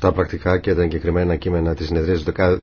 τα πρακτικά και τα εγκεκριμένα κείμενα της συνεδρίας